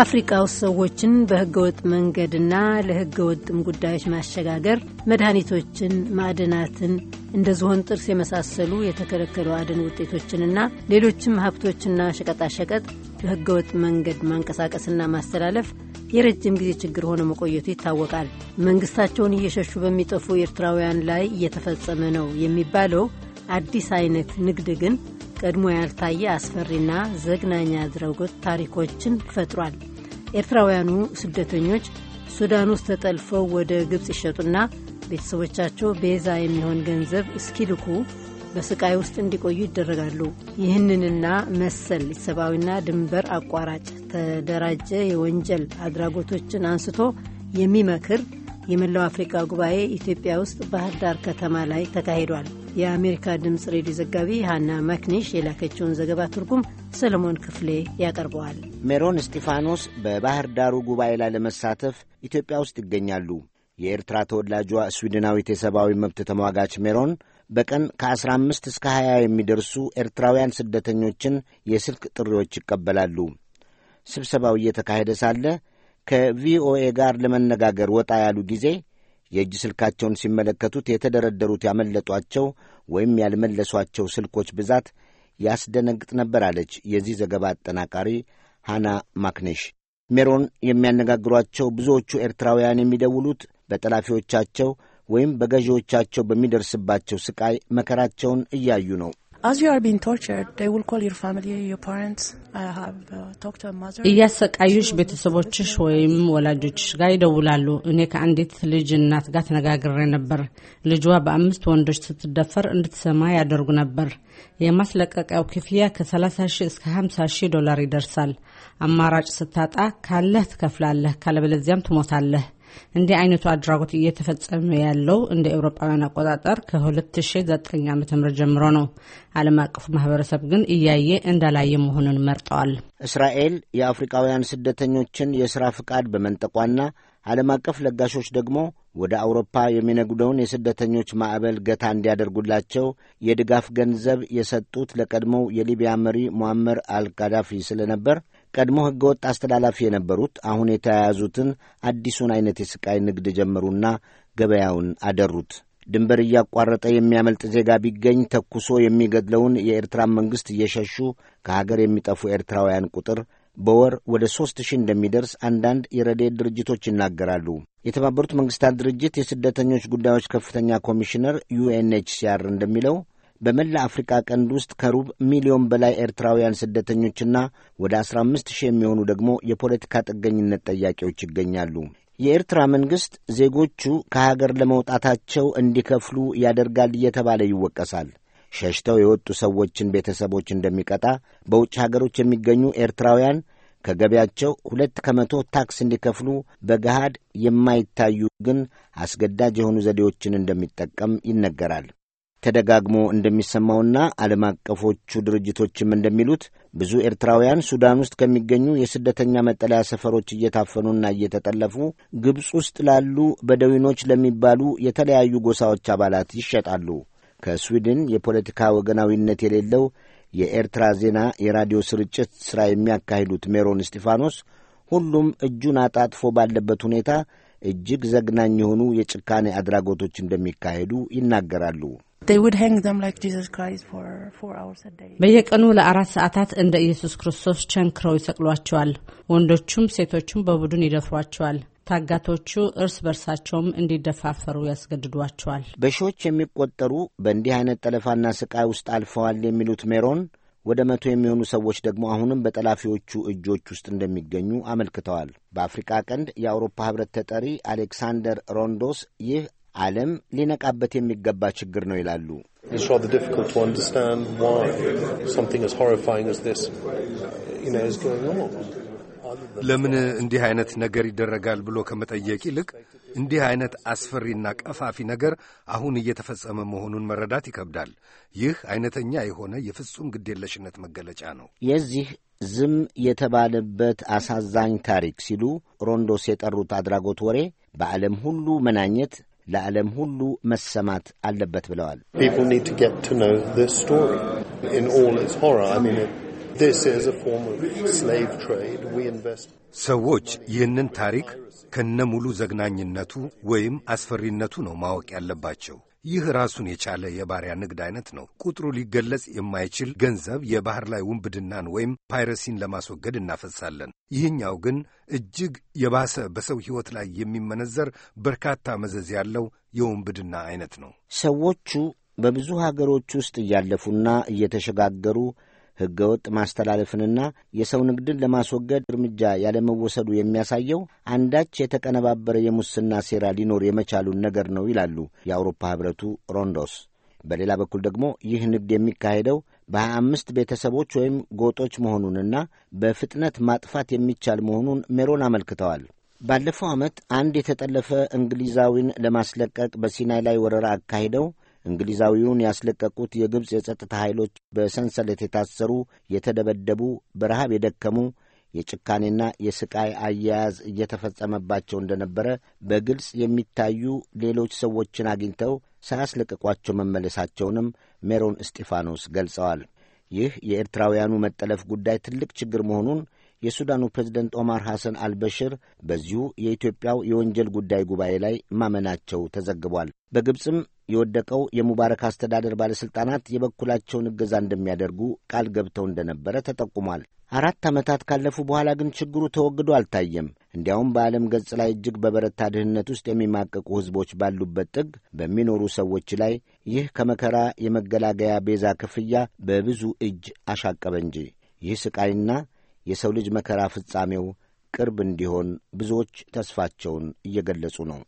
አፍሪካ ውስጥ ሰዎችን በህገወጥ መንገድና ለህገወጥም ጉዳዮች ማሸጋገር መድኃኒቶችን፣ ማዕድናትን እንደ ዝሆን ጥርስ የመሳሰሉ የተከለከሉ አደን ውጤቶችንና ሌሎችም ሀብቶችና ሸቀጣሸቀጥ በህገወጥ መንገድ ማንቀሳቀስና ማስተላለፍ የረጅም ጊዜ ችግር ሆኖ መቆየቱ ይታወቃል። መንግስታቸውን እየሸሹ በሚጠፉ ኤርትራውያን ላይ እየተፈጸመ ነው የሚባለው አዲስ አይነት ንግድ ግን ቀድሞ ያልታየ አስፈሪና ዘግናኝ አድራጎት ታሪኮችን ፈጥሯል። ኤርትራውያኑ ስደተኞች ሱዳን ውስጥ ተጠልፈው ወደ ግብፅ ይሸጡና ቤተሰቦቻቸው ቤዛ የሚሆን ገንዘብ እስኪልኩ በስቃይ ውስጥ እንዲቆዩ ይደረጋሉ። ይህንንና መሰል ሰብአዊና ድንበር አቋራጭ ተደራጀ የወንጀል አድራጎቶችን አንስቶ የሚመክር የመላው አፍሪካ ጉባኤ ኢትዮጵያ ውስጥ ባህር ዳር ከተማ ላይ ተካሂዷል። የአሜሪካ ድምፅ ሬዲዮ ዘጋቢ ሀና ማክኒሽ የላከችውን ዘገባ ትርጉም ሰለሞን ክፍሌ ያቀርበዋል። ሜሮን እስጢፋኖስ በባህር ዳሩ ጉባኤ ላይ ለመሳተፍ ኢትዮጵያ ውስጥ ይገኛሉ። የኤርትራ ተወላጇ ስዊድናዊት የሰብአዊ መብት ተሟጋች ሜሮን በቀን ከ15 እስከ 20 የሚደርሱ ኤርትራውያን ስደተኞችን የስልክ ጥሪዎች ይቀበላሉ። ስብሰባው እየተካሄደ ሳለ ከቪኦኤ ጋር ለመነጋገር ወጣ ያሉ ጊዜ የእጅ ስልካቸውን ሲመለከቱት የተደረደሩት ያመለጧቸው ወይም ያልመለሷቸው ስልኮች ብዛት ያስደነግጥ ነበር አለች የዚህ ዘገባ አጠናቃሪ ሃና ማክኔሽ። ሜሮን የሚያነጋግሯቸው ብዙዎቹ ኤርትራውያን የሚደውሉት በጠላፊዎቻቸው ወይም በገዢዎቻቸው በሚደርስባቸው ስቃይ መከራቸውን እያዩ ነው። Uh, እያሰቃዩሽ ቤተሰቦችሽ ወይም ወላጆችሽ ጋር ይደውላሉ። እኔ ከአንዲት ልጅ እናት ጋር ተነጋግሬ ነበር። ልጇ በአምስት ወንዶች ስትደፈር እንድትሰማ ያደርጉ ነበር። የማስለቀቂያው ክፍያ ከ30 ሺህ እስከ 50 ሺህ ዶላር ይደርሳል። አማራጭ ስታጣ ካለህ ትከፍላለህ፣ ካለበለዚያም ትሞታለህ። እንዲህ አይነቱ አድራጎት እየተፈጸመ ያለው እንደ ኤውሮፓውያን አቆጣጠር ከ2009 ዓ ም ጀምሮ ነው። ዓለም አቀፉ ማህበረሰብ ግን እያየ እንዳላየ መሆኑን መርጠዋል። እስራኤል የአፍሪካውያን ስደተኞችን የሥራ ፍቃድ በመንጠቋና ዓለም አቀፍ ለጋሾች ደግሞ ወደ አውሮፓ የሚነጉደውን የስደተኞች ማዕበል ገታ እንዲያደርጉላቸው የድጋፍ ገንዘብ የሰጡት ለቀድሞው የሊቢያ መሪ ሞአመር አልጋዳፊ ስለነበር ቀድሞ ወጥ አስተላላፊ የነበሩት አሁን የተያያዙትን አዲሱን ዐይነት የሥቃይ ንግድ ጀመሩና ገበያውን አደሩት። ድንበር እያቋረጠ የሚያመልጥ ዜጋ ቢገኝ ተኩሶ የሚገድለውን የኤርትራን መንግሥት እየሸሹ ከሀገር የሚጠፉ ኤርትራውያን ቁጥር በወር ወደ ሦስት ሺህ እንደሚደርስ አንዳንድ የረድኤት ድርጅቶች ይናገራሉ። የተባበሩት መንግሥታት ድርጅት የስደተኞች ጉዳዮች ከፍተኛ ኮሚሽነር ዩኤንኤችሲአር እንደሚለው በመላ አፍሪካ ቀንድ ውስጥ ከሩብ ሚሊዮን በላይ ኤርትራውያን ስደተኞችና ወደ 15 ሺህ የሚሆኑ ደግሞ የፖለቲካ ጥገኝነት ጠያቂዎች ይገኛሉ። የኤርትራ መንግሥት ዜጎቹ ከሀገር ለመውጣታቸው እንዲከፍሉ ያደርጋል እየተባለ ይወቀሳል። ሸሽተው የወጡ ሰዎችን ቤተሰቦች እንደሚቀጣ፣ በውጭ ሀገሮች የሚገኙ ኤርትራውያን ከገቢያቸው ሁለት ከመቶ ታክስ እንዲከፍሉ በገሃድ የማይታዩ ግን አስገዳጅ የሆኑ ዘዴዎችን እንደሚጠቀም ይነገራል። ተደጋግሞ እንደሚሰማውና ዓለም አቀፎቹ ድርጅቶችም እንደሚሉት ብዙ ኤርትራውያን ሱዳን ውስጥ ከሚገኙ የስደተኛ መጠለያ ሰፈሮች እየታፈኑና እየተጠለፉ ግብፅ ውስጥ ላሉ በደዊኖች ለሚባሉ የተለያዩ ጎሳዎች አባላት ይሸጣሉ። ከስዊድን የፖለቲካ ወገናዊነት የሌለው የኤርትራ ዜና የራዲዮ ስርጭት ሥራ የሚያካሂዱት ሜሮን እስጢፋኖስ ሁሉም እጁን አጣጥፎ ባለበት ሁኔታ እጅግ ዘግናኝ የሆኑ የጭካኔ አድራጎቶች እንደሚካሄዱ ይናገራሉ። በየቀኑ ለአራት ሰዓታት እንደ ኢየሱስ ክርስቶስ ቸንክረው ይሰቅሏቸዋል። ወንዶቹም ሴቶቹም በቡድን ይደፍሯቸዋል። ታጋቶቹ እርስ በርሳቸውም እንዲደፋፈሩ ያስገድዷቸዋል። በሺዎች የሚቆጠሩ በእንዲህ አይነት ጠለፋና ስቃይ ውስጥ አልፈዋል የሚሉት ሜሮን ወደ መቶ የሚሆኑ ሰዎች ደግሞ አሁንም በጠላፊዎቹ እጆች ውስጥ እንደሚገኙ አመልክተዋል። በአፍሪቃ ቀንድ የአውሮፓ ህብረት ተጠሪ አሌክሳንደር ሮንዶስ ይህ ዓለም ሊነቃበት የሚገባ ችግር ነው ይላሉ። ለምን እንዲህ አይነት ነገር ይደረጋል ብሎ ከመጠየቅ ይልቅ እንዲህ አይነት አስፈሪና ቀፋፊ ነገር አሁን እየተፈጸመ መሆኑን መረዳት ይከብዳል። ይህ አይነተኛ የሆነ የፍጹም ግዴለሽነት መገለጫ ነው። የዚህ ዝም የተባለበት አሳዛኝ ታሪክ ሲሉ ሮንዶስ የጠሩት አድራጎት ወሬ በዓለም ሁሉ መናኘት ለዓለም ሁሉ መሰማት አለበት ብለዋል። ሰዎች ይህንን ታሪክ ከነ ሙሉ ዘግናኝነቱ ወይም አስፈሪነቱ ነው ማወቅ ያለባቸው። ይህ ራሱን የቻለ የባሪያ ንግድ አይነት ነው። ቁጥሩ ሊገለጽ የማይችል ገንዘብ የባህር ላይ ውንብድናን ወይም ፓይረሲን ለማስወገድ እናፈሳለን። ይህኛው ግን እጅግ የባሰ በሰው ሕይወት ላይ የሚመነዘር በርካታ መዘዝ ያለው የውንብድና አይነት ነው። ሰዎቹ በብዙ ሀገሮች ውስጥ እያለፉና እየተሸጋገሩ ሕገወጥ ማስተላለፍንና የሰው ንግድን ለማስወገድ እርምጃ ያለመወሰዱ የሚያሳየው አንዳች የተቀነባበረ የሙስና ሴራ ሊኖር የመቻሉን ነገር ነው ይላሉ የአውሮፓ ኅብረቱ ሮንዶስ። በሌላ በኩል ደግሞ ይህ ንግድ የሚካሄደው በሀያ አምስት ቤተሰቦች ወይም ጎጦች መሆኑንና በፍጥነት ማጥፋት የሚቻል መሆኑን ሜሮን አመልክተዋል። ባለፈው ዓመት አንድ የተጠለፈ እንግሊዛዊን ለማስለቀቅ በሲናይ ላይ ወረራ አካሂደው እንግሊዛዊውን ያስለቀቁት የግብፅ የጸጥታ ኃይሎች በሰንሰለት የታሰሩ፣ የተደበደቡ፣ በረሃብ የደከሙ የጭካኔና የስቃይ አያያዝ እየተፈጸመባቸው እንደነበረ በግልጽ የሚታዩ ሌሎች ሰዎችን አግኝተው ሳያስለቅቋቸው መመለሳቸውንም ሜሮን እስጢፋኖስ ገልጸዋል። ይህ የኤርትራውያኑ መጠለፍ ጉዳይ ትልቅ ችግር መሆኑን የሱዳኑ ፕሬዝደንት ኦማር ሐሰን አልበሽር በዚሁ የኢትዮጵያው የወንጀል ጉዳይ ጉባኤ ላይ ማመናቸው ተዘግቧል። በግብፅም የወደቀው የሙባረክ አስተዳደር ባለሥልጣናት የበኩላቸውን እገዛ እንደሚያደርጉ ቃል ገብተው እንደነበረ ተጠቁሟል። አራት ዓመታት ካለፉ በኋላ ግን ችግሩ ተወግዶ አልታየም። እንዲያውም በዓለም ገጽ ላይ እጅግ በበረታ ድህነት ውስጥ የሚማቀቁ ሕዝቦች ባሉበት ጥግ በሚኖሩ ሰዎች ላይ ይህ ከመከራ የመገላገያ ቤዛ ክፍያ በብዙ እጅ አሻቀበ እንጂ ይህ ሥቃይና የሰው ልጅ መከራ ፍጻሜው ቅርብ እንዲሆን ብዙዎች ተስፋቸውን እየገለጹ ነው።